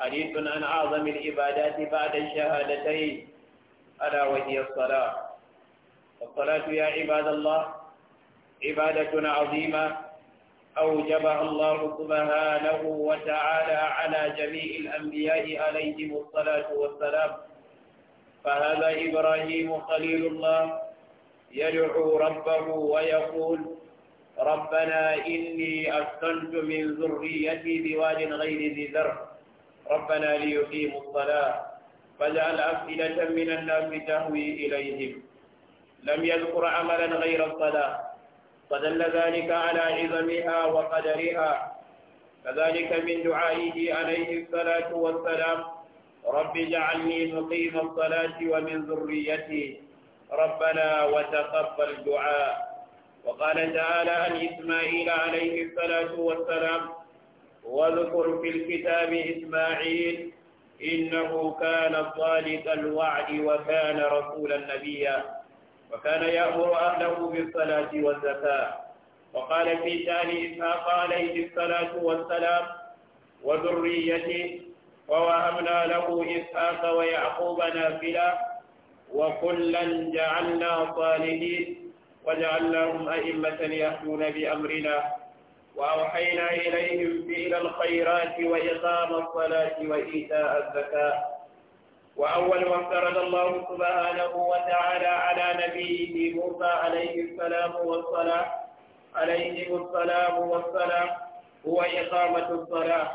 حديث عن أعظم العبادات بعد الشهادتين ألا وهي الصلاة الصلاة يا عباد الله عبادة عظيمة أوجبها الله سبحانه وتعالى على جميع الأنبياء عليهم الصلاة والسلام فهذا إبراهيم خليل الله يدعو ربه ويقول ربنا إني أسكنت من ذريتي بواد غير ذي زرع ربنا ليقيموا الصلاة فجعل أفئدة من الناس تهوي إليهم لم يذكر عملا غير الصلاة فدل ذلك على عظمها وقدرها كذلك من دعائه عليه الصلاة والسلام رب اجعلني مقيم الصلاة ومن ذريتي ربنا وتقبل دعاء وقال تعالى عن إسماعيل عليه الصلاة والسلام واذكر في الكتاب إسماعيل إنه كان صادق الوعد وكان رسولا نبيا وكان يأمر أهله بالصلاة والزكاة وقال في شأن إسحاق عليه الصلاة والسلام وذريته ووهبنا له إسحاق ويعقوب نافلة وكلا جعلنا صالحين وجعلناهم أئمة يهدون بأمرنا وأوحينا إليهم فعل الخيرات وإقام الصلاة وإيتاء الزكاة وأول ما افترض الله سبحانه وتعالى على نبيه موسى عليه السلام والصلاة عليهم السلام والسلام هو إقامة الصلاة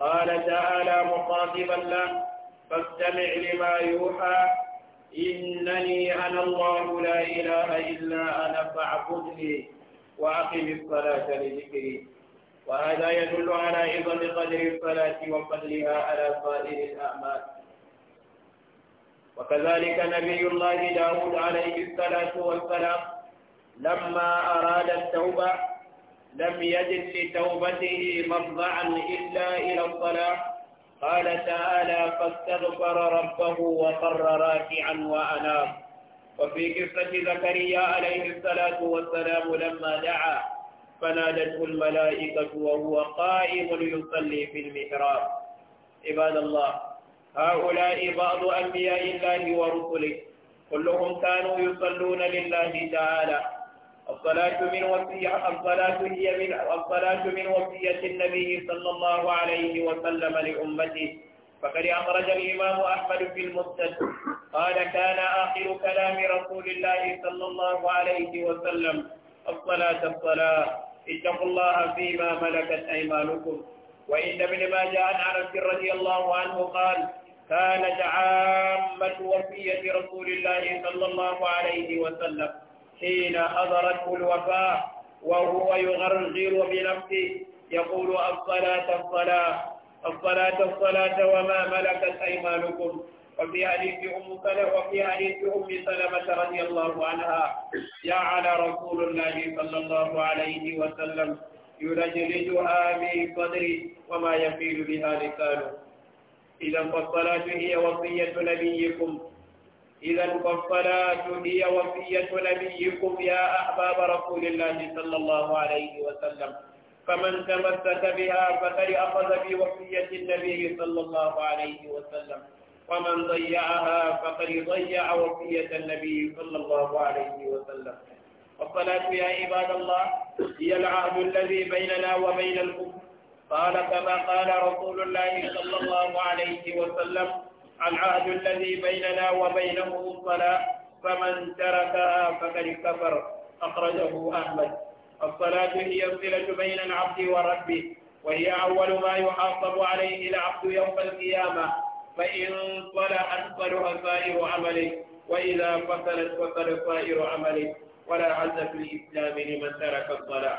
قال تعالى مخاطبا له فاستمع لما يوحى إنني أنا الله لا إله إلا أنا فاعبدني وأقم الصلاة لذكري وهذا يدل على عظم قدر الصلاة وفضلها على صائر الأعمال وكذلك نبي الله داود عليه الصلاة والسلام لما أراد التوبة لم يجد لتوبته مفضعا إلا إلى الصلاة قال تعالى فاستغفر ربه وقر راكعا وأنام وفي قصة زكريا عليه الصلاة والسلام لما دعا فنادته الملائكة وهو قائم يصلي في المحراب عباد الله هؤلاء بعض أنبياء الله ورسله كلهم كانوا يصلون لله تعالى الصلاة من وصية الصلاة هي من الصلاة من وصية النبي صلى الله عليه وسلم لأمته فقد أخرج الإمام أحمد في المسند قال كان آخر كلام رسول الله صلى الله عليه وسلم الصلاة الصلاة اتقوا الله فيما ملكت أيمانكم وإن ابن ماجه عن أنس رضي الله عنه قال كانت عامة وفية رسول الله صلى الله عليه وسلم حين حضرته الوفاة وهو يغرغر بنفسه يقول الصلاة الصلاة الصلاة الصلاة وما ملكت أيمانكم وفي حديث أم سلمة وفي حديث أم سلمة رضي الله عنها جعل رسول الله صلى الله عليه وسلم يلجلجها في صدري وما يفيل بها لسانه إذا فالصلاة هي وصية نبيكم إذا فالصلاة هي وصية نبيكم يا أحباب رسول الله صلى الله عليه وسلم فمن تمسك بها فقد أخذ بوصية النبي صلى الله عليه وسلم ومن ضيعها فقد ضيع وصية النبي صلى الله عليه وسلم والصلاة يا عباد الله هي العهد الذي بيننا وبين الكفر قال كما قال رسول الله صلى الله عليه وسلم العهد الذي بيننا وبينه الصلاة فمن تركها فقد كفر أخرجه أحمد الصلاة هي الصلة بين العبد وربه وهي أول ما يحاسب عليه العبد يوم القيامة فإن صلحت صلح سائر عمله وإذا فصلت فصل سائر عمله ولا عز في الإسلام لمن ترك الصلاة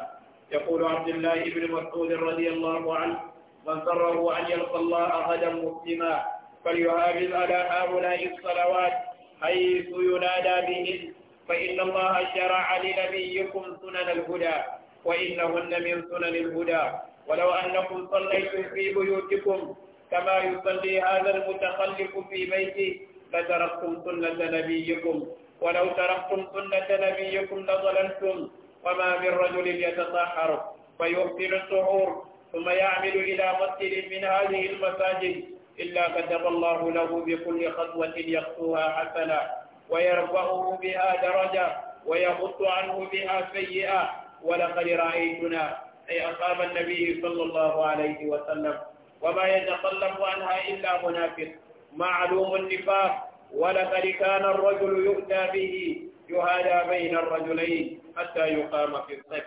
يقول عبد الله بن مسعود رضي الله عنه من سره أن يلقى الله غدا مسلما فليهاجز على هؤلاء الصلوات حيث ينادى بهن فإن الله شرع لنبيكم سنن الهدى وإنهن من سنن الهدى ولو أنكم صليتم في بيوتكم كما يصلي هذا المتخلف في بيته لتركتم سنة نبيكم ولو تركتم سنة نبيكم لضللتم وما من رجل يتطهر فيحسن السحور ثم يعمل إلى مسجد من هذه المساجد إلا كتب الله له بكل خطوة يخطوها حسنة ويرفعه بها درجة ويغط عنه بها سيئة ولقد رأيتنا أي أصحاب النبي صلى الله عليه وسلم وما يتخلف عنها إلا منافق معلوم النفاق ولقد كان الرجل يؤتى به يهادى بين الرجلين حتى يقام في الصف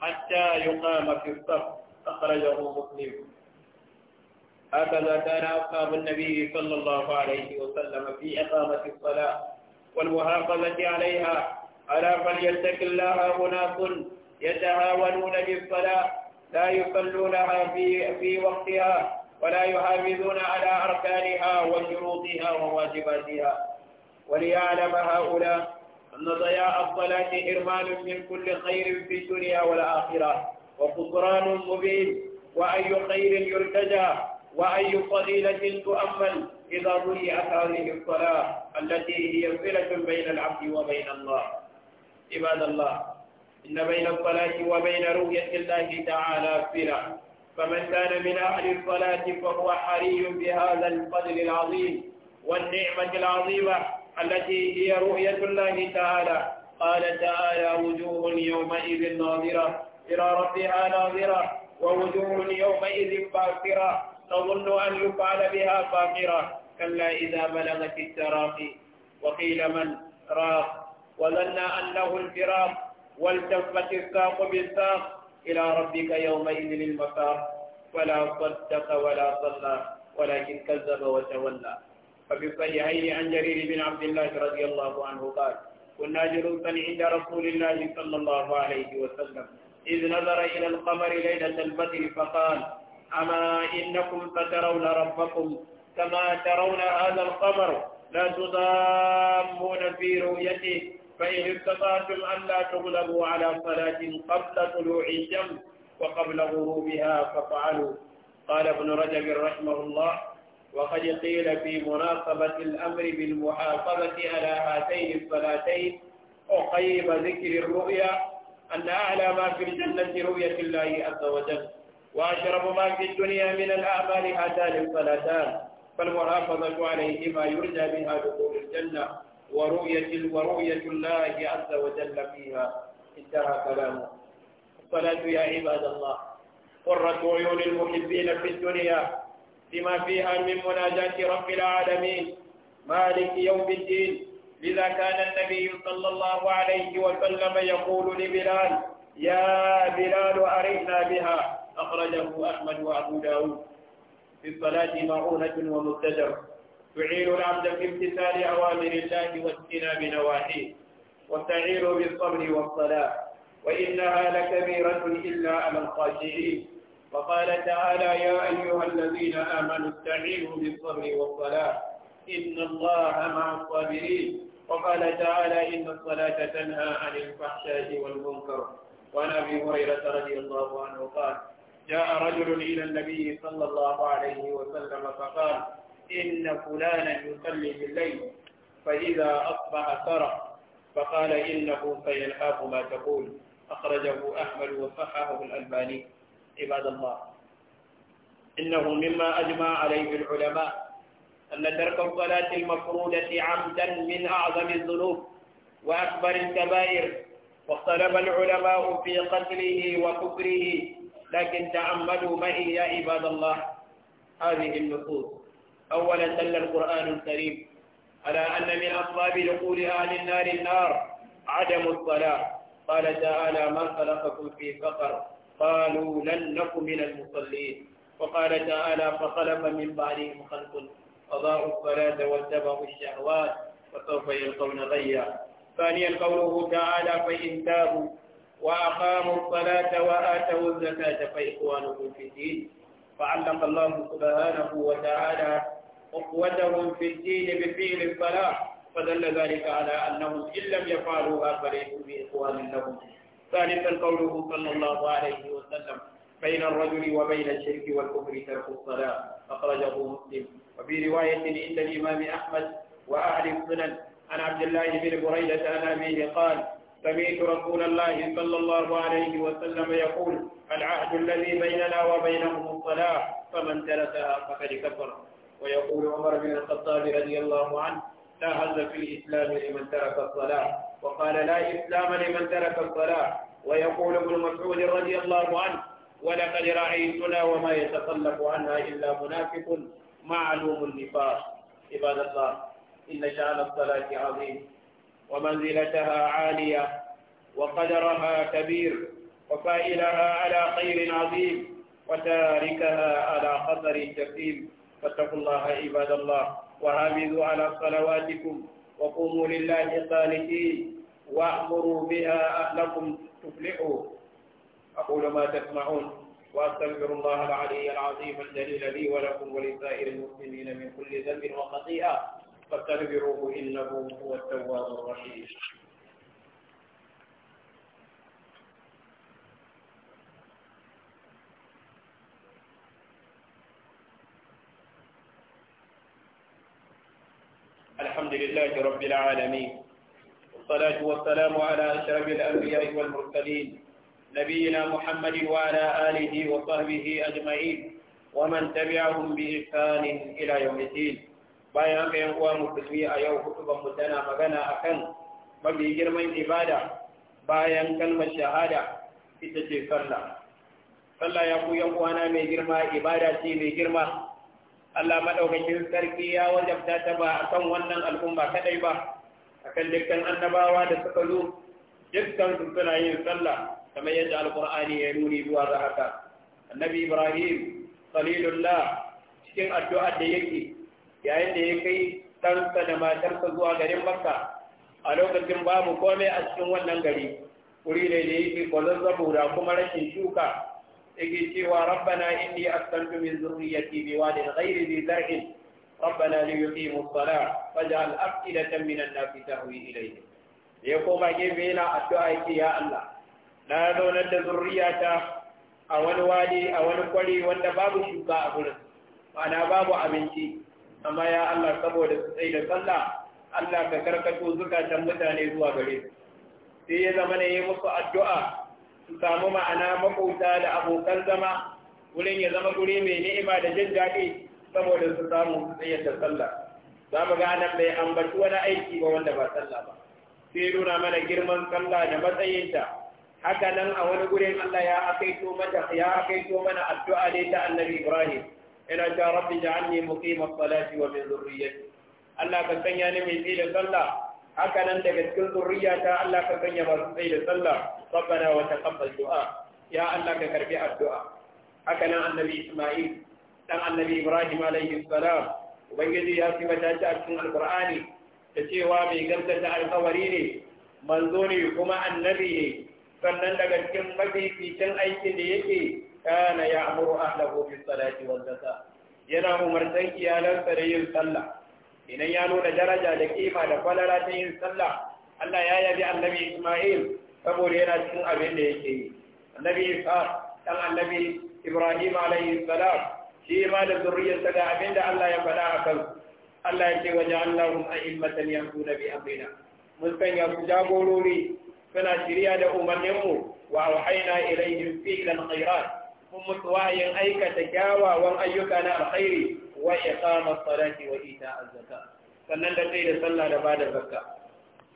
حتى يقام في الصف أخرجه مسلم هكذا كان أصحاب النبي صلى الله عليه وسلم في إقامة الصلاة والمحافظة عليها ألا فليتك الله أناس يتهاونون بالصلاة لا يصلونها في في وقتها ولا يحافظون على أركانها وشروطها وواجباتها وليعلم هؤلاء أن ضياء الصلاة حرمان من كل خير في الدنيا والآخرة وخسران مبين وأي خير يرتجى وأي فضيلة تؤمل إذا ضيعت هذه الصلاة التي هي صلة بين العبد وبين الله عباد الله إن بين الصلاة وبين رؤية الله تعالى صلة فمن كان من أهل الصلاة فهو حري بهذا القدر العظيم والنعمة العظيمة التي هي رؤية الله تعالى قال تعالى وجوه يومئذ ناظرة إلى ربها ناظرة ووجوه يومئذ باكرة تظن أن يفعل بها فاقرة كلا إذا بلغت التراقي وقيل من راق وظن أنه الفراق والتفت الساق بالساق إلى ربك يومئذ المسار فلا صدق ولا صلى ولكن كذب وتولى ففي الصحيحين عن جرير بن عبد الله رضي الله عنه قال كنا جلوسا عند رسول الله صلى الله عليه وسلم إذ نظر إلى القمر ليلة البدر فقال أما إنكم سترون ربكم كما ترون هذا القمر لا تضامون في رؤيته فإن استطعتم أن لا تغلبوا على صلاة قبل طلوع الشمس وقبل غروبها فافعلوا قال ابن رجب رحمه الله وقد قيل في مناسبة الأمر بالمحافظة على هاتين الصلاتين أقيم ذكر الرؤيا أن أعلى ما في الجنة رؤية الله عز وجل وأشرب ما في الدنيا من الأعمال هاتان الصلاتان فالمحافظة عليهما يرجى بها دخول الجنة ورؤية ورؤية الله عز وجل فيها انتهى كلامه الصلاة يا عباد الله قرة عيون المحبين في الدنيا بما فيها من مناجاة رب العالمين مالك يوم الدين لذا كان النبي صلى الله عليه وسلم يقول لبلال يا بلال أرئنا بها أخرجه أحمد وأبو داود في الصلاة معونة ومبتدرة تعين العبد في امتثال أوامر الله واجتناب نواحيه وتعين بالصبر والصلاة وإنها لكبيرة إلا على الخاشعين وقال تعالى يا أيها الذين آمنوا استعينوا بالصبر والصلاة إن الله مع الصابرين وقال تعالى إن الصلاة تنهى عن الفحشاء والمنكر وعن أبي هريرة رضي الله عنه قال جاء رجل إلى النبي صلى الله عليه وسلم فقال إن فلانا يصلي بالليل فإذا أصبح سرق فقال إنه سيلحاه ما تقول أخرجه أحمد وصححه الألباني عباد الله إنه مما أجمع عليه العلماء أن ترك الصلاة المفروضة عمدا من أعظم الذنوب وأكبر الكبائر واختلف العلماء في قتله وكفره لكن تأملوا معي يا عباد الله هذه النصوص أولا دل القرآن الكريم على أن من أسباب دخول أهل النار النار عدم الصلاة قال تعالى ما خلقكم في فقر قالوا لن نكن من المصلين وقال تعالى فخلف من بعدهم خلق أضاعوا الصلاة واتبعوا الشهوات وسوف يلقون غيا ثانيا قوله تعالى فإن تابوا وأقاموا الصلاة وآتوا الزكاة فإخوانكم في الدين فعلق الله سبحانه وتعالى أخوتهم في الدين بفعل الصلاة فدل ذلك على أنهم إن لم يفعلوها فليسوا بإخوان لهم ثالثا قوله صلى الله عليه وسلم بين الرجل وبين الشرك والكفر ترك الصلاة أخرجه مسلم وفي رواية عند الإمام أحمد وأهل السنن عن عبد الله بن بريدة عن أبيه قال سمعت رسول الله صلى الله عليه وسلم يقول العهد الذي بيننا وبينهم الصلاة فمن تركها فقد كفر ويقول عمر بن الخطاب رضي الله عنه لا هز في الإسلام لمن ترك الصلاة وقال لا إسلام لمن ترك الصلاة ويقول ابن مسعود رضي الله عنه ولقد رأيتنا وما يتخلف عنها إلا منافق معلوم النفاق عباد الله إن شأن الصلاة عظيم ومنزلتها عالية وقدرها كبير وفائلها على خير عظيم وتاركها على خطر جسيم فاتقوا الله عباد الله وحافظوا على صلواتكم وقوموا لله قانتين وأمروا بها أهلكم تفلحوا أقول ما تسمعون وأستغفر الله العلي العظيم الجليل لي ولكم ولسائر المسلمين من كل ذنب وخطيئة فاستغفروه إنه هو التواب الرحيم الحمد لله رب العالمين والصلاة والسلام على أشرف الأنبياء والمرسلين نبينا محمد وعلى آله وصحبه أجمعين ومن تبعهم بإحسان إلى يوم الدين bayan haka yan uwa musulmi a yau hudu ban mutana magana a kan mafi girman ibada bayan kalmar shahada ita ce sallah sallah ya ku yan uwana mai girma ibada ce mai girma Allah maɗaukakin sarki ya wajabta ta ba a kan wannan al'umma kaɗai ba kan dukkan annabawa da suka zo dukkan su suna yin sallah kamar yadda alƙur'ani ya nuni zuwa ga haka annabi ibrahim salilullah cikin addu'ar da yake yayin da ya kai ɗansa da matarsa zuwa garin makka a lokacin babu komai a cikin wannan gari wuri ne da yake kwazazzabo da kuma rashin shuka yake cewa rabbana inni astantu min zurriyyati bi wadin ghairi dhi zar'in rabbana li yuqimu as-salah faj'al af'idatan min an-nasi tahwi ilayhi ya koma gefe yana addu'a yake ya Allah na zaunar da zurriyata a wani wadi a wani kwari wanda babu shuka a gurin ma'ana babu abinci amma ya Allah saboda su tsaye da sallah Allah ka karkato zukatan mutane zuwa gare su sai ya zama ne musu addu'a su samu ma'ana makauta da abokan zama wurin ya zama guri mai ni'ima da jin daɗi saboda su samu su tsayar da sallah za mu ga nan bai ambaci wani aiki ba wanda ba sallah ba sai nuna mana girman sallah da matsayinta haka nan a wani gurin Allah ya akaito mata mana addu'a dai ta Annabi Ibrahim ina ta rabbi ja'alni muqima salati wa min dhurriyyati Allah ka sanya ni mai tsaye sallah haka daga cikin zurriyata Allah ka sanya masu tsaye da sallah rabbana wa taqabbal du'a ya Allah ka karbi addu'a haka nan annabi Isma'il dan annabi Ibrahim alaihi salam ubangiji ya fi mata ta cikin alqur'ani da cewa mai gaskata alkawari ne manzo ne kuma annabi ne sannan daga cikin mafificin aikin da yake kana ya'muru ahlahu bis salati wal zakat yana umartan iyalansa da yin sallah idan ya nuna daraja da kima da falala ta yin sallah Allah ya yabi annabi Isma'il saboda yana cikin abin da yake yi annabi Ishaq dan annabi Ibrahim alaihi salam shi ma da zurriyarsa ga abin da Allah ya faɗa a kan Allah ya ce wa ja'alnahum a'immatan yahduna bi amrina mun sanya su jagorori suna shirya da umarninmu wa auhayna ilaihim fi'lan khairat kuma wayan aikata kyawawan ayyuka na alkhairi wa iqamat salati wa ita zakat sannan da sai da sallah da bada zakka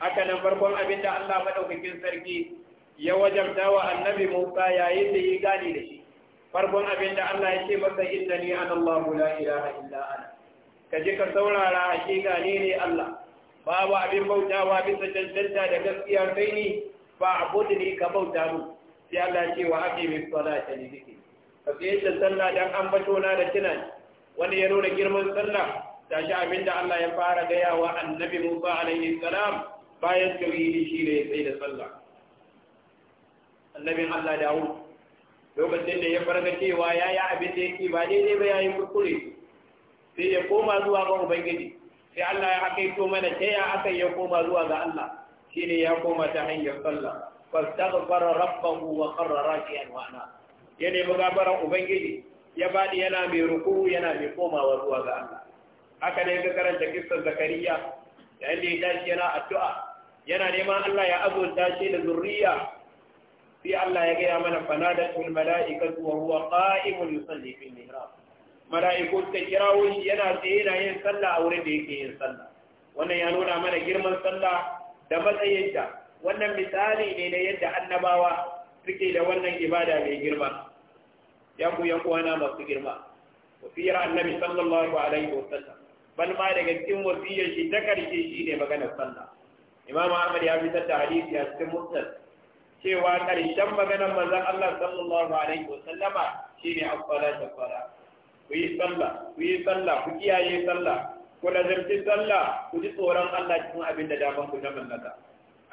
haka nan farkon abin da Allah madaukakin sarki ya wajabta wa annabi Musa yayin da ya gani da shi farkon abin da Allah ya ce masa innani ana Allah la ilaha illa ana kaje ka saurara hakika ne ne Allah babu abin bautawa bisa cancanta da gaskiya kai ne? ba abudni ka bauta mu sai Allah ya ce wa aqimi salata li dhikri ka tsaye da sallah dan an bato na da kina wani ya nuna girman sallah tashi abinda Allah ya fara gaya wa annabi Musa alaihi salam bayan tauhidi shi ne ya da sallah annabin Allah hu lokacin da ya farga cewa ya yi abin da yake ba daidai ba ya yi kurkure sai ya koma zuwa ga Ubangiji sai Allah ya hakaito mana ta ya aka ya koma zuwa ga Allah shine ya koma ta hanyar sallah fastaghfara rabbahu wa qarra raki'an wa ana ya nemi ubangiji ya faɗi yana mai ruku yana mai komawa zuwa ga Allah haka ne ga karanta kissan zakariya da inda ya tashi yana addu'a yana neman Allah ya azurta shi da zurriya sai Allah ya gaya mana fanadatul mala'ikatu wa huwa qa'imun yusalli fil mihrab mala'iku ta kirawo shi yana tsaye yana yin sallah a wurin da yake yin sallah wannan ya nuna mana girman sallah da matsayinta wannan misali ne na yadda annabawa suke da wannan ibada mai girma yan yan uwana masu girma wasiyar annabi sallallahu alaihi wa sallam bal ma daga cikin wasiyar shi ta karshe ne maganar sallah imam ahmad ya fitar da hadisi a cikin musnad cewa karshen maganar manzon Allah sallallahu alaihi wa sallama shine as-salatu kwala. ku yi sallah ku yi sallah ku kiyaye sallah ku lazarci sallah ku ji tsoron Allah cikin abin da daman ku na mallaka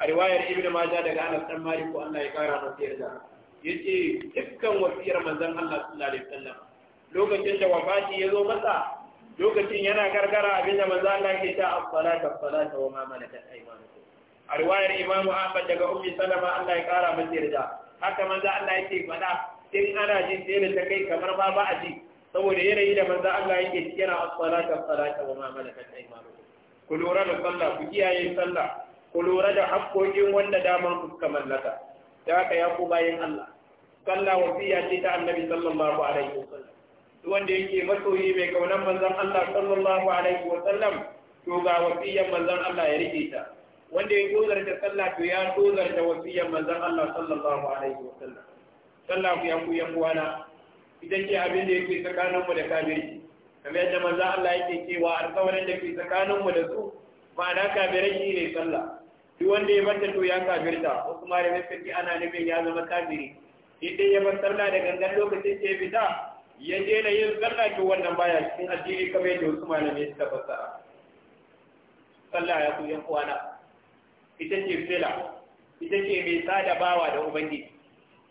a riwayar ibnu majah daga Anas dan Malik ko Allah ya kara masa yarda yace dukkan wasiyar manzon Allah sallallahu alaihi wasallam lokacin da wafati ya zo masa lokacin yana gargara abin da manzon Allah yake ta as salatu as salatu wa ma malakat aymanukum a riwayar imamu Ahmad daga Ummi Salama Allah ya kara masa yarda haka manzon Allah yake faɗa in ana jin sai ta kai kamar ma ba a ji saboda yanayi da manzon Allah yake yana as salatu as salatu wa ma malakat aymanukum ku lura da sallah ku kiyaye sallah ku lura da haƙƙoƙin wanda daman ku mallaka da aka ya ku bayin Allah sallah fiya ce ta annabi sallallahu alaihi wasallam duk wanda yake masoyi mai kaunar manzon Allah sallallahu alaihi wasallam to ga wasiyar manzon Allah ya rike ta wanda ya dozar da sallah to ya dozar da wasiyar manzon Allah sallallahu alaihi wasallam sallah ku ya ku ya uwana idan ke abin da yake tsakaninmu da kabiri kamar yadda manzon Allah yake cewa alƙawarin da ke tsakaninmu da su ma'ana kafirai shi ne sallah duk wanda ya bata to ya kafirta wasu malamai da ce ana nufin ya zama kabiri. idan ya bar sallah da gangan lokacin ke fita ya je na yin sallah to wannan baya cikin addini kamar yadda wasu malamai suka fassara sallah ya kuyan kwana ita ce fila ita ce mai sada bawa da ubangiji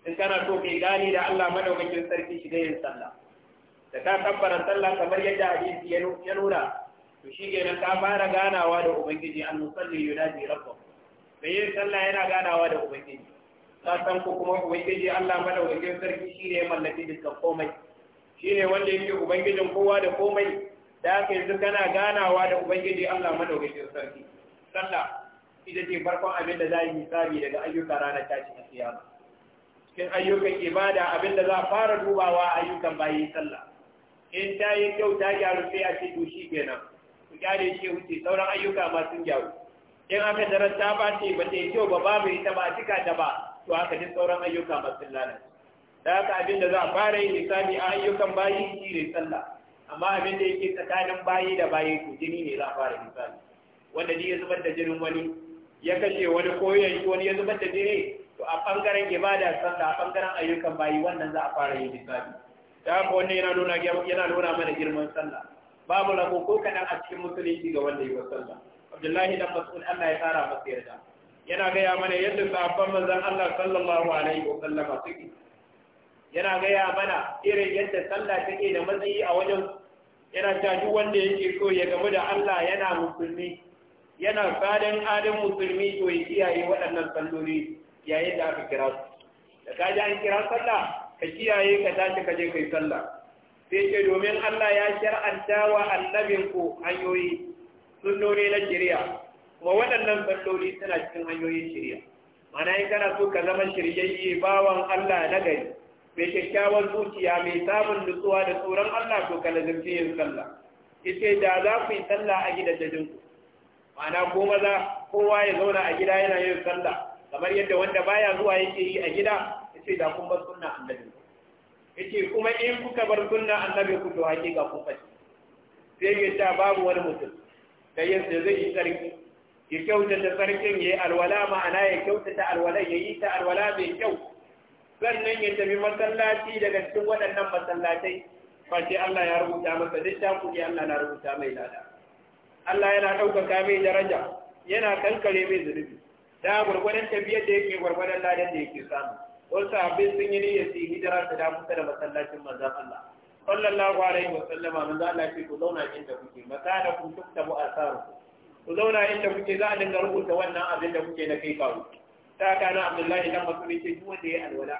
in kana so kai gani da Allah madaukakin sarki dai yin sallah da ka tabbara sallah kamar yadda hadisi ya nuna to shi kenan ka fara ganawa da ubangiji an musalli yunadi rabbuh bai yin sallah yana ganawa da ubangiji ta san ko kuma ubangiji Allah madaukakin sarki shine ya mallaki dukkan komai shine wanda yake ubangijin kowa da komai da haka yanzu kana ganawa da ubangiji Allah madaukakin sarki sallah ita ce farkon abin da za yi misali daga ayyuka ranar tashin kiyama cikin ayyukan ibada abin da za a fara dubawa ayyukan bayi sallah in ta yi kyau ta gyaru sai a ce to shi kenan ku kyale shi wuce sauran ayyuka ma sun gyaru in aka darar ta ba ce ba ta yi kyau ba babu ita ba cika ta ba to haka duk sauran ayyuka masu lalata. da haka abin da za a fara yin misali a ayyukan bayi shi ne sallah amma abin da yake tsakanin bayi da bayi to jini ne za a fara misali. wanda ji ya zubar da jinin wani ya kashe wani koyon shi wani ya zubar da jini to a ɓangaren ibada sallah a ɓangaren ayyukan bayi wannan za a fara yin misali. da haka wannan yana nuna yana nuna mana girman sallah babu rabo ko kaɗan a cikin musulunci ga wanda yi wa sallah abdullahi dan mas'ud Allah ya tsara masa yarda yana gaya mana yadda sahabban manzon Allah sallallahu alaihi wa sallam suke yana gaya mana irin yadda sallah take da matsayi a wajen yana ta duk wanda yake so ya gamu da Allah yana musulmi yana fadan adam musulmi to ya kiyaye waɗannan salloli yayin da aka kira su da ka an kira sallah ka kiyaye ka tashi ka je kai sallah sai ce domin Allah ya shar'anta wa annabinku hanyoyi sunnoni na shari'a kuma waɗannan bandoli suna cikin hanyoyin shirya mana in kana so ka zama shiryayye bawan Allah na gari mai kyakkyawan zuciya mai samun nutsuwa da tsoron Allah to ka lazimci yin sallah ita da za ku yi sallah a gidajen ku mana ko maza kowa ya zauna a gida yana yin sallah kamar yadda wanda baya zuwa yake yi a gida ita da kun bar sunna annabi yace kuma in kuka bar sunna annabi ku to hakika kun fashi sai ya babu wani mutum da yadda zai yi tsarki ya kyautata sarkin ya yi alwala ma'ana ya kyautata alwala ya yi ta alwala mai kyau sannan ya tafi masallaci daga cikin waɗannan masallatai face Allah ya rubuta masa duk littafin ya Allah na rubuta mai lada Allah yana ɗaukaka mai daraja yana kankare mai zunubi da gwargwadon tafiyar da yake gwargwadon ladan da yake samu wasu abin sun yi niyyar su hijira su da kusa da masallacin maza Allah sallallahu alaihi wa sallama manzon Allah ce ku zauna inda kuke masalakum tuktabu asarukum ku zauna inda kuke za a dinga rubuta wannan abin da kuke na kai faru ta kana abdullahi dan masu ce duk wanda ya alwala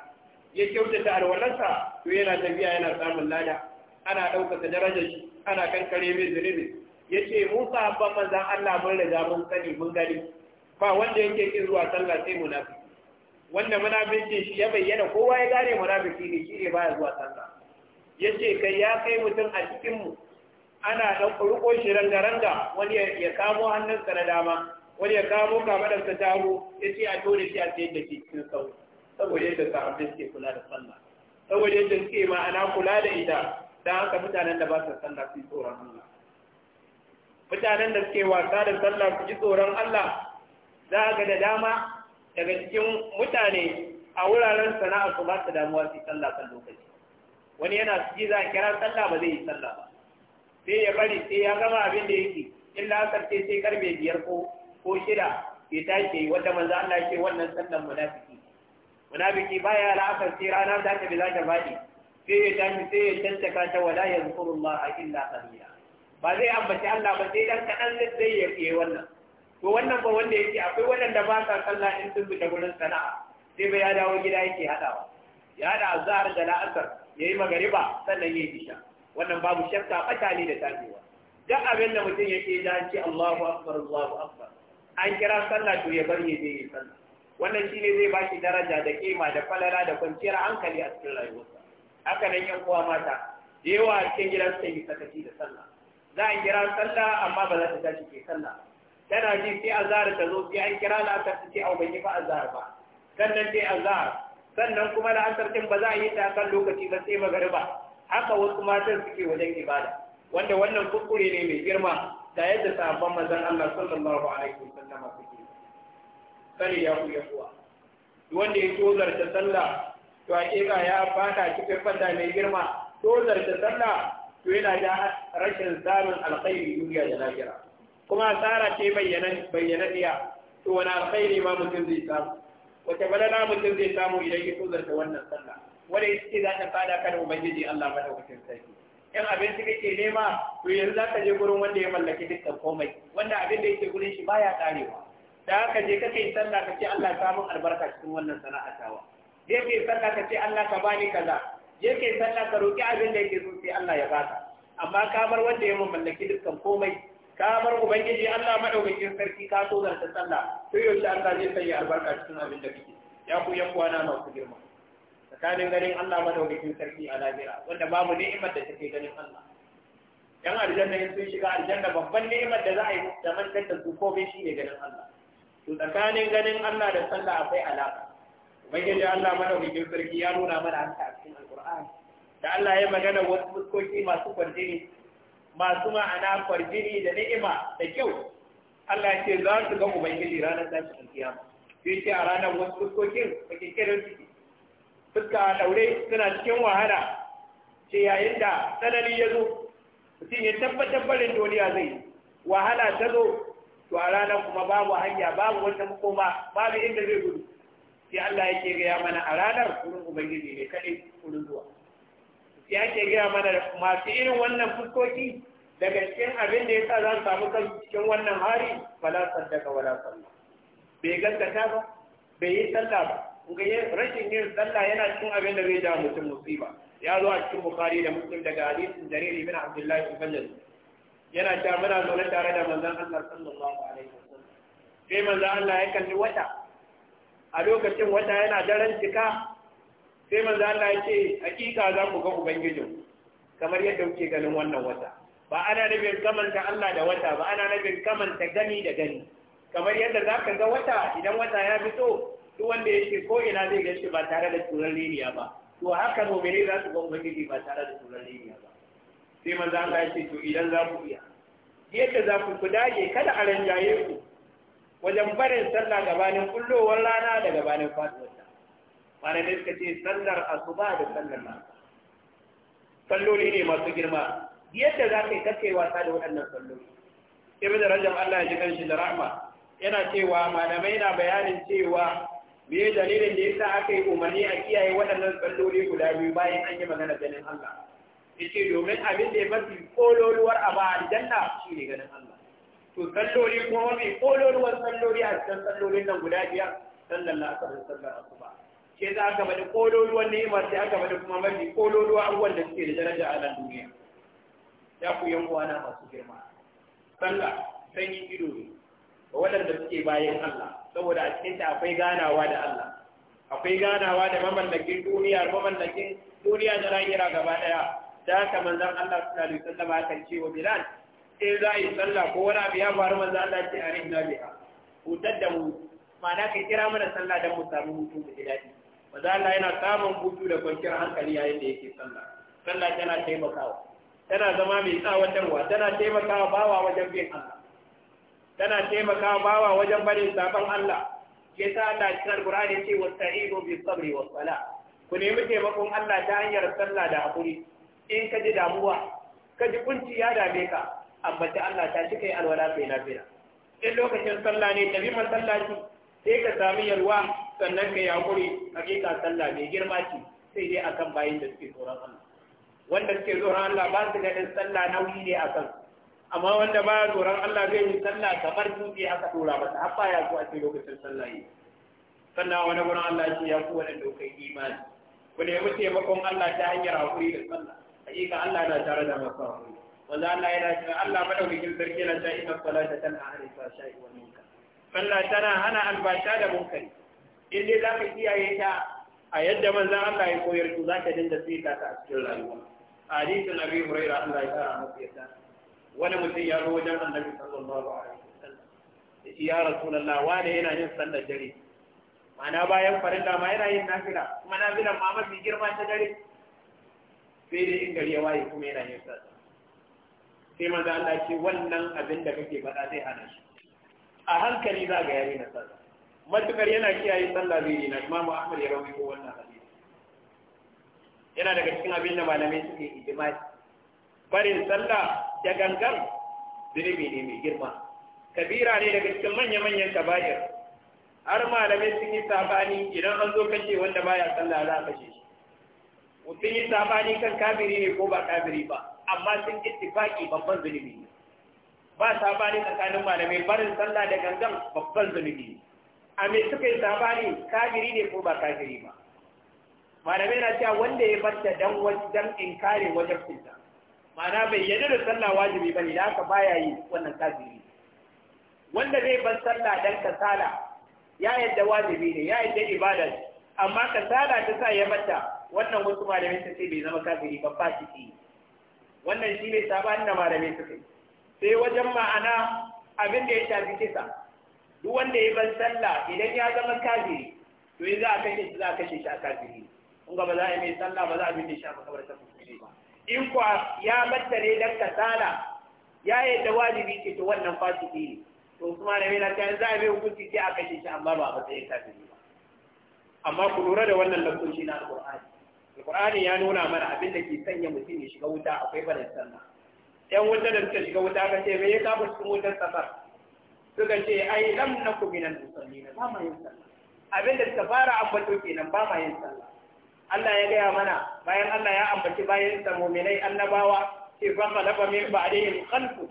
ya kyautata alwalarsa to yana tafiya yana samun lada ana ɗaukaka darajar shi ana kankare mai zunubi ya ce musa ban manzan Allah mun riga mun sani mun gani ba wanda yake kin zuwa sallah sai munafiki wanda munafikin shi ya bayyana kowa ya gane munafiki ne shi ne baya zuwa sallah ya ce kai ya kai mutum a cikinmu. mu ana ɗan kurko shi rangaranga wani ya kamo hannunsa na dama wani ya kamo kamadarsa ta hagu ya ce a dole shi a sayar da shi cikin sau saboda yadda sahabbai suke kula da sallah saboda yadda suke ma'ana kula da ita don haka mutanen da ba su sallah su yi tsoron Allah mutanen da suke wasa da sallah su ji tsoron Allah za a ga da dama daga cikin mutane a wuraren sana'a su ba su damuwa su yi sallah kan lokaci wani yana su ji za a kira sallah ba zai yi sallah ba sai ya bari sai ya gama abin da yake in la'asar ce sai karfe biyar ko ko shida ya tashi wanda manzo Allah ya ce wannan sallan munafiki munafiki baya la'asar sai ranar da ta bi za ta sai ya tashi sai ya tantaka ta wala yazkurullaha illa qalila ba zai ambaci Allah ba sai dan kaɗan zai ya fiye wannan to wannan ba wanda yake akwai waɗanda ba sa sallah in sun da gurin sana'a sai ba ya dawo gida yake haɗawa ya haɗa azhar da la'asar yayi magariba sannan yayi isha wannan babu shakka bata ne da tafiwa duk abin da mutum yake da ce Allahu akbar Allahu akbar an kira sallah to ya bari ya je sallah wannan shine zai ba shi daraja da kima da falala da kwanciyar hankali a cikin rayuwarsa haka nan yan uwa mata da yawa a cikin gidan suka yi sakaci da sallah za a kira sallah amma ba za ta tashi ke sallah tana ji sai azhar ta zo sai an kira la'asar ta ce au ban yi ba azhar ba sannan sai azhar sannan kuma la'asar din ba za a yi ta kan lokaci ba sai magariba haka wasu matan suke wajen ibada wanda wannan kuskure ne mai girma da yadda sahabban manzon Allah sallallahu alaihi wasallam suke sani ya ku yakuwa wanda ya tozar ta sallah to hakika ya fata cikin fata mai girma tozar ta sallah to yana da rashin zamin alkhairi duniya da lahira kuma tsara ce bayyana bayyana iya to wani alkhairi ma mutum zai samu wace balala mutum zai samu idan ya tozar ta wannan sallah wanda ya ce za ta tsada ka da ubangiji Allah madaukakin sarki in abinci kake nema to yanzu za ka je gurin wanda ya mallaki dukkan komai wanda abin da yake gurin shi baya karewa da haka je kake yi sallah ka ce Allah ta mun albarka cikin wannan sana'a tawa je ka yi sallah ka ce Allah ka bani kaza je ka yi sallah ka roki abin da yake so sai Allah ya baka amma ka bar wanda ya mallaki dukkan komai ka bar ubangiji Allah madaukakin sarki ka so ta sallah to yaushe Allah zai sanya albarka cikin abin da kake ya ku yan kwana masu girma tsakanin ganin Allah madaukakin sarki a lahira wanda babu ni'imar da take ganin Allah yan aljanna in sun shiga aljanna babban ni'imar da za a yi da mantar da su komai shine ganin Allah to tsakanin ganin Allah da sallah akwai alaka ubangiji Allah madaukakin sarki ya nuna mana haka a cikin alqur'ani da Allah ya magana wasu fuskoki masu kwarjini masu ma'ana kwarjini da ni'ima da kyau Allah ya ce za su ga ubangiji ranar tashin kiyama sai ce a ranar wasu fuskokin bakin kirin ciki fuska a daure suna cikin wahala ce yayin da tsanani ya zo mutum ya tabbatar barin duniya zai wahala ta zo to a ranar kuma babu hanya babu wata makoma babu inda zai gudu sai Allah yake gaya mana a ranar wurin ubangiji ne kaɗai wurin zuwa sai yake gaya mana masu irin wannan fuskoki daga cikin abin da ya sa za su samu kan cikin wannan hari fala saddaka wala sallah bai gaskata ba bai yi sallah ba kuga rashin yin sallah yana cikin abin da zai ja mutum musiba ya zo a cikin bukari da mutum daga hadisin jariri bin abdullahi ibn yana ta muna zaune tare da manzon Allah sallallahu alaihi wasallam sai manzon Allah ya kalli wata a lokacin wata yana daren cika sai manzon Allah ya ce hakika za ku ga ubangijin kamar yadda kuke ganin wannan wata ba ana nabin kamanta Allah da wata ba ana nabin kamanta gani da gani kamar yadda za ka ga wata idan wata ya fito duk wanda yake ko ina zai gaske ba tare da turar liliya ba to haka mu'mini za su ga gidi ba tare da turar liliya ba sai manzo Allah ya ce to idan za ku iya yadda za ku ku dage kada a ranjaye ku wajen barin sallah gabanin kullowar rana da gabanin mana malamai suka ce sallar asuba da sallar rana salloli ne masu girma yadda za ka yi kake wasa da waɗannan salloli ibn rajab Allah ya ji kanshi da rahma yana cewa malamai na bayanin cewa me dalilin da yasa aka yi umarni a kiyaye waɗannan tsalloli guda biyu bayan an yi magana ganin Allah yace domin abin da ya mafi kololuwar a ba aljanna shine ganin Allah to tsalloli kuma mafi kololuwar tsalloli a cikin tsallolin nan guda biyar sallan na da sallan asuba ke za aka bada kololuwar ni'ima sai aka bada kuma mafi kololuwar abubuwan da suke da daraja a nan duniya ya ku yan na masu girma sallah sanyin ido ne ga waɗanda suke bayan Allah saboda a cikin ta akwai ganawa da Allah akwai ganawa da mamallakin duniya mamallakin duniya da lahira gaba daya da haka manzon Allah sallallahu alaihi wasallam akan ce wa Bilal in za yi sallah ko wani abu ya faru manzon Allah ce a rihna biha hutar da mu ma'ana ka kira mana sallah don mu samu hutu da daɗi manzon Allah yana samun hutu da kwanciyar hankali yayin da yake sallah sallah tana taimakawa tana zama mai tsawatarwa tana taimakawa bawa wajen bin Allah tana taimaka bawa wajen barin sabon Allah ke sa Allah cikin al ne ce wasta'inu bi sabri wa sala ku nemi taimakon Allah ta hanyar sallah da haƙuri. in ka ji damuwa ka ji kunci ya dame ka ambaci Allah ta cika yi alwala kai fira. in lokacin sallah ne tafi masallaci sai ka sami yalwa sannan kai hakuri hakika sallah mai girma ce sai dai akan bayin da suke tsoron Allah wanda suke tsoron Allah ba su ganin sallah nauyi ne a kansu amma wanda ba ya tsoron Allah zai yi sallah kamar dutse aka dora masa har ba ya so a cikin lokacin sallah yi sannan wani gurin Allah ce ya ku wani dokan imani ku nemi taimakon Allah ta hanyar hakuri da sallah hakika Allah na tare da masu hakuri wanda Allah yana cewa Allah madaukakin sarki na ta ina salata tana hana fashai wa minka sallah tana hana albasha da munkari in dai za ka kiyaye ta a yadda manzan Allah ya koyar ku za ka dinga sai ta a cikin rayuwa hadisin abi hurairah Allah ya kara masa yadda wani mutum ya zo wajen annabi sallallahu alaihi wasallam ya ce ya wani yana yin sallar dare ma'ana bayan farilla ma yana yin nafila kuma nafila ma mafi girma ta dare sai dai in gari ya waye kuma yana yin sallar sai manzo Allah ce wannan abin da kake faɗa zai hana shi a hankali za ga yare na sallar matukar yana kiyaye sallah zai yi na imamu Ahmad ya ko wannan hadisi yana daga cikin abin da malamai suke ijimai barin sallah da gangan zunubi ne mai girma kabira ne daga cikin manya-manyan kabayar har malamai sun yi sabani idan an zo kace wanda baya sallah za a kashe shi sun yi sabani kan kabiri ne ko ba kabiri ba amma sun ittifaki babban zunubi ne ba sabani tsakanin malamai barin sallah da gangan babban zunubi ne a me suka yi sabani kabiri ne ko ba kabiri ba malamai na cewa wanda ya bar ta dan wajen inkarin wajen fita ma'ana bai yadda da sallah wajibi bane da aka baya yi wannan kafiri wanda zai ban sallah dan kasala ya yadda wajibi ne ya yadda ibada amma kasala ta sa ya mata wannan wasu malamai su ce bai zama kafiri ba fasiki wannan shi ne sabanin da malamai su yi sai wajen ma'ana abin da ya shafi kisa duk wanda ya ban sallah idan ya zama kafiri to yanzu a kashe shi za a kashe shi a kafiri kun ga ba za a yi mai sallah ba za a da shi a ta musulmi ba in kuwa ya matare dan kasala ya yadda wajibi ce ta wannan fasiki ne to kuma ne na ta za a bai hukunci sai a kashe shi amma ba a matsayin fi ba amma ku lura da wannan lakoci na Alƙur'ani. Alƙur'ani ya nuna mana abin da ke sanya mutum ya shiga wuta akwai barin sanna yan wuta da suka shiga wuta ka ce me ya kafa cikin wutar safar suka ce ai lam nakum musulmi na ba ma yin sallah abin da suka fara ambato kenan ba ma yin sallah Allah ya gaya mana bayan Allah ya ambaci bayan samuminai, mu'minai annabawa sai fa qalaba min ba da yin khalfu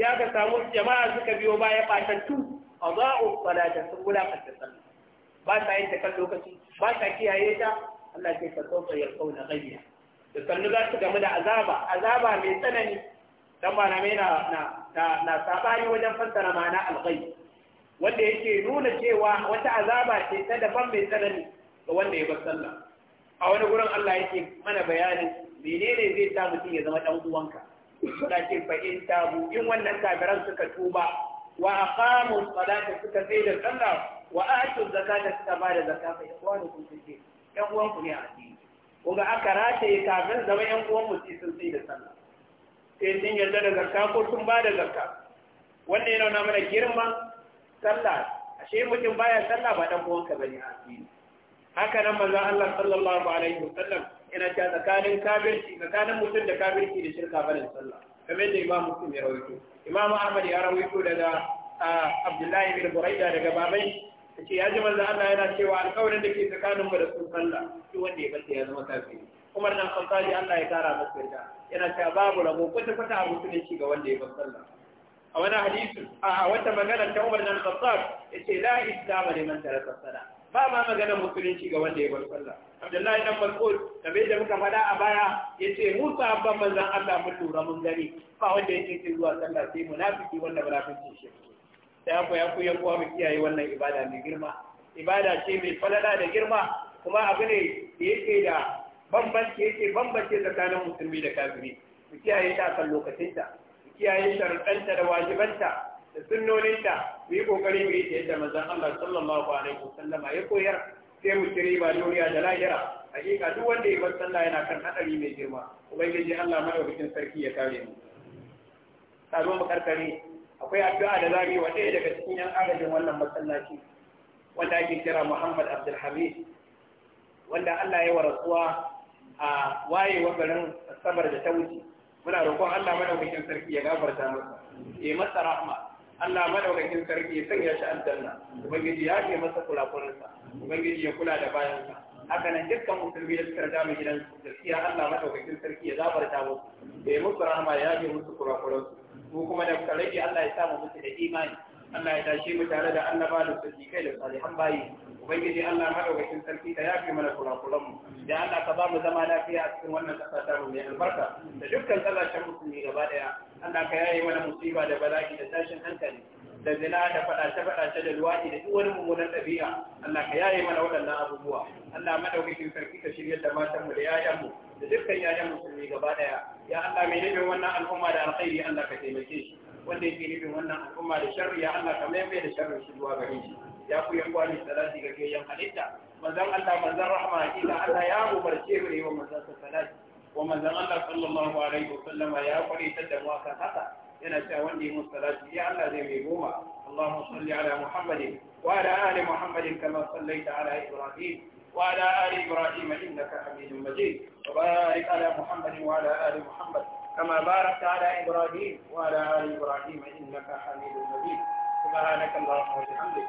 ya aka samu jama'a suka biyo baya batattu adha'u salata sun wulakanta sallah ba sa yin ta kan lokaci ba sa kiyaye ta Allah sai ka sauka ya kauna ghayya da sannu za su gamu da azaba azaba mai tsanani dan malamai na na na sabani wajen fassara ma'ana al-ghayb wanda yake nuna cewa wata azaba ce ta daban mai tsanani ga wanda ya bar sallah a wani gurin Allah yake mana bayanin menene zai sa mutum ya zama dan uwanka lakin fa in tabu in wannan kafiran suka tuba wa aqamu salata suka sai da sallah wa atu zakata suka ba da zakata fa ikhwanukum fi din yan uwanku ne a addini ko ga aka ka kafin zama yan uwan mu sun sai da sallah sai din yarda da zakka ko sun ba da zakka wannan yana nuna mana girman sallah ashe mutum baya sallah ba dan uwanka bane a addini haka nan maza Allah sallallahu alaihi wasallam yana ta tsakanin kafirci tsakanin mutum da kafirci da shirka barin sallah kamar da imam muslim ya rawaito imam ahmad ya rawaito daga abdullahi bin buraida daga babai ce yaji ji manzo Allah yana cewa alƙawarin da ke tsakanin mu da sun sallah shi wanda ya bace ya zama kafiri Umar dan Khattabi Allah ya kara masa yarda yana cewa babu rabo kwata kwata a musulunci ga wanda ya bar sallah a wani hadisi a wata magana ta Umar dan Khattab yace la islama liman taraka salat ba ma maganar musulunci ga wanda ya bar Allah. abdullahi dan mas'ud kamar da muka faɗa a baya yace musa abban manzon Allah mu tura mun gani ba wanda yake ce zuwa sallah sai munafiki wanda munafiki shi sai an ya ku mu kiyaye wannan ibada mai girma ibada ce mai falala da girma kuma abu ne da yake da bambanci yake bambance tsakanin musulmi da kafiri mu kiyaye ta kan lokacinta mu kiyaye sharuɗanta da wajibanta da sunnoninta mu yi kokari mu yi ta yadda manzon Allah sallallahu alaihi wasallama ya koyar sai mu kiri ba duniya da lahira hakika duk wanda ya bar sallah yana kan hadari mai girma ubangiji Allah madaukakin sarki ya kare mu sabo mu karkare akwai addu'a da zabi wanda wa ɗaya daga cikin yan agajin wannan masallaci wanda ake kira Muhammad Abdul Hamid wanda Allah ya warasuwa a wa garin sabar da ta wuce muna roƙon Allah madaukakin sarki ya gafarta masa ya masa rahma Allah madaukakin sarki ya sanya shi aljanna ubangiji ya ke masa kulakulansa ubangiji ya kula da bayansa haka nan dukkan musulmi da suka dama gidan gaskiya Allah madaukakin sarki ya zabarta musu da ya musu rahama ya ke musu kurakuransu ko kuma da kalaki Allah ya samu musu da imani Allah ya tashe mu tare da annaba da sadiqai da salihan bayi ubangiji Allah madaukakin sarki ka yafi mana kurakuranmu da Allah ka ba mu zama lafiya a cikin wannan ƙasa ta mu mai albarka da dukkan tsallacen musulmi gaba ɗaya Allah ka yaye mana musiba da bala'i da tashin hankali da zina da faɗace-faɗace da luwaɗi da duk wani mummunan ɗabi'a Allah ka yaye mana waɗannan abubuwa Allah madaukakin sarki ka shirya da matanmu da yayanmu da dukkan yayan musulmi gaba ɗaya ya Allah mai nufin wannan al'umma da alkhairi Allah ka taimake shi wanda yake nufin wannan al'umma da sharri ya Allah ka mai da sharri shi zuwa gare shi ya ku yan kwani salati ga ke yan halitta manzon Allah manzon rahma hakika Allah ya umarce mu yi wa manzon salati wa manzon Allah sallallahu alaihi wa sallama ya kwari ta da waka haka yana cewa wanda yi mu salati ya Allah zai mai goma Allahumma salli ala Muhammadin wa ala ali Muhammadin kama sallaita ala Ibrahim وعلى آل إبراهيم إنك حميد مجيد وبارك على محمد وعلى آل محمد كما باركت على إبراهيم وعلى آل إبراهيم إنك حميد مجيد سبحانك اللهم وبحمدك